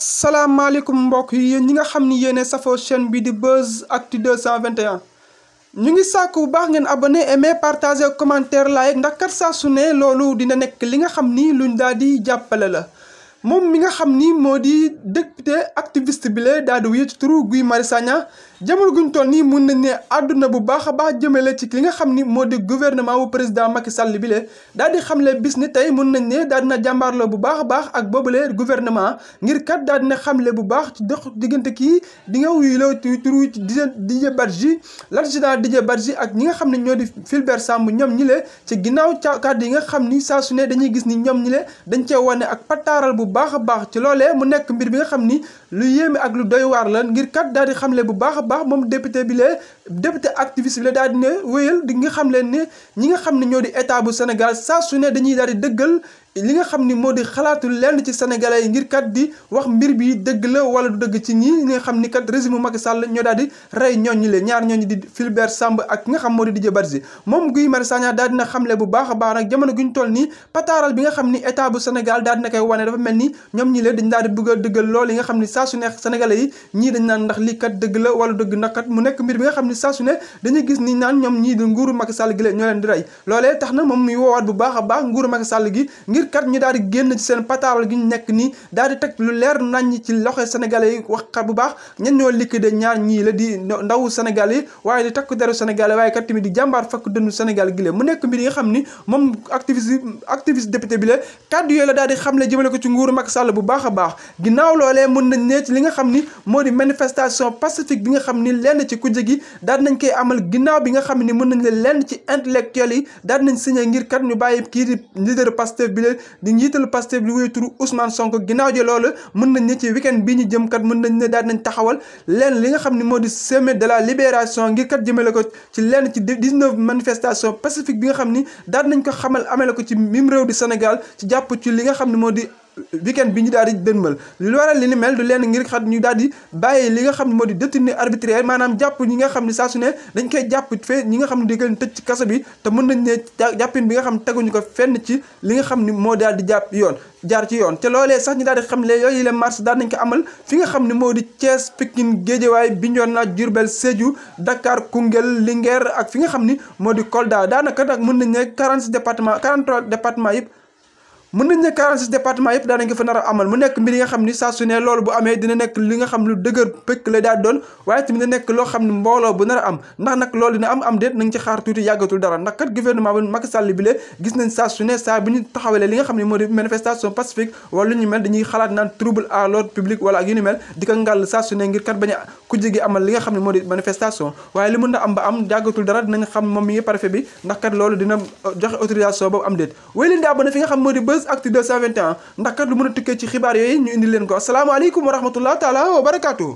asalaamaaleykum mbokk yi yéen ñi nga xam ni yéene safoo chaîne bi di Buzz Actu 221 ñu ngi sàkk bu baax ngeen abonné aimé partagé commentaire like ndax kat saa su ne loolu dina nekk li nga xam ni lu daal di jàppale la moom mi nga xam ni moo di député activiste bi lay daal di wuyu turu Guy Marius jamono guñ toll nii mun nañ ne àdduna bu baax a baax jëmale ci li nga xam ni moo di guvernement wu président Macky Sall bi le daal di xamle bis ni tey mun nañ ne daal dina jàmbaarloo bu baax a baax ak boobule gouvernement ngir kat daal dina xamle bu baax ci dox diggante kii di nga wuyu la turu Didier Badji l'adjudant Didier ak ñi nga xam ne ñoo di Fulbert Sambou ñoom ñi ci ginnaaw ca yi nga xam ni saa su ne dañuy gis ni ñoom ñi le dañ cee wane ak pataaral bu baax a baax ci loole mu nekk mbir bi nga xam ni lu yéeme ak lu doy waar la ngir kat daal di xamle bu baax baax moom député bi la député activiste bi la daal di ne wéyal di nga xam leen ni ñi nga xam ne ñoo di état bu Sénégal saa su ne dañuy daal di dëggal li nga xam ni moo di xalaatu lenn ci sénégalais yi ngir kat di wax mbir bi dëgg la wala du dëgg ci ñi li nga xam ni kat régime Macky Sall ñoo daal di rey ñaar ñooñu di Fulbert Samb nga xam moo di Didier Badji moom Guy Marius Sagna daal dina xamle bu baax a baax nag jamono guñ toll nii pataaral bi nga xam ni état bu Sénégal daal dina koy wane dafa mel ni ñoom ñi le dañ daal di bëgg a dëggal lool nga xam ni saa su nekk sénégalais yi ndax lii kat dëgg la wala dëgg na mu nekk mbir bi nga xam ni saa su ne dañuy gis ni naan ñoom ñii di nguuru Macky Sall leen ñoo rey loolee tax na moom muy woowaat bu baax a baax nguuru Macky Sall gi ngir ngir kat ñu daal di génn ci seen patable gi ñu nekk nii daal di teg lu leer nañ ci loxo sénégalais yi wax kat bu baax ñen ñoo liquider ñaar ñii la di ndaw sénégal yooyu la daal di xamle jëmale ko ci nguuru Macky Sall bu baax a ginnaaw loolee mën nañ ne ci li nga xam di bi nga xam ni lenn ci kujje nañ koy bi nga xam ni mën nañ leen lenn ngir kat ñu bàyyi kii di leader Pastef bi di njiital Pastef li wéy turu Ousmane Sonko ginnaaw ji loolu mën nañ ne ci week bi ñu jëm kat mën nañ ne daal taxawal leen li nga xam ne moo di semaine de la libération ngir kat jëmale ko ci lenn ci 19 manifestation pacifique bi nga xam ni daal nañ ko xamal amale ko ci mim réew di Sénégal ci jàpp ci li nga xam ne moo di weekend bi ñu daal di dënmal lu waral li ni mel du leen ngir xat ñu daal di bàyyi li nga xam ne moo di détenu arbitraire maanaam jàpp ñi nga xam ne saa su ne dañ koy jàpp fee ñi nga xam ne di leen tëj ci kaso bi te mën nañ ne jàppin bi nga xam ne teguñu ko fenn ci li nga xam ni moo daal di jàpp yoon jaar ci yoon te loolee sax ñu daal di xam le yooyu la marche daan nañ ko amal fi nga xam ne moo di Thiès Pikine Guédiawaye Bignona Diourbel Sédhiou dakaar Koungheul Linguère ak fi nga xam ni moo di Kolda daanaka nag mën nañ ne quarante département quarante trois département yëpp mën nañ ne 46 département yëpp daanañ ko fa nar a amal mu nekk mbir nga xam ni saa loolu bu amee dina nekk li nga xam lu dëgër pëkk la daa doon waaye tamit dina nekk loo xam ne mbooloo bu nar a am ndax nag loolu dina am am yàggatul dara ndax nga xam a ku jege amal li nga xam ne moo di moom mi ngi préfet bi ndax kat loolu dina euh, joxe autorisation boobu am déet way leen di fi nga xam moo di bës 14 actu 221 ndax kat lu mën tukkee ci xibaar yooyu ñu indi leen ko asalaamaaleykum wa rahmatullah taala wa barakaatu.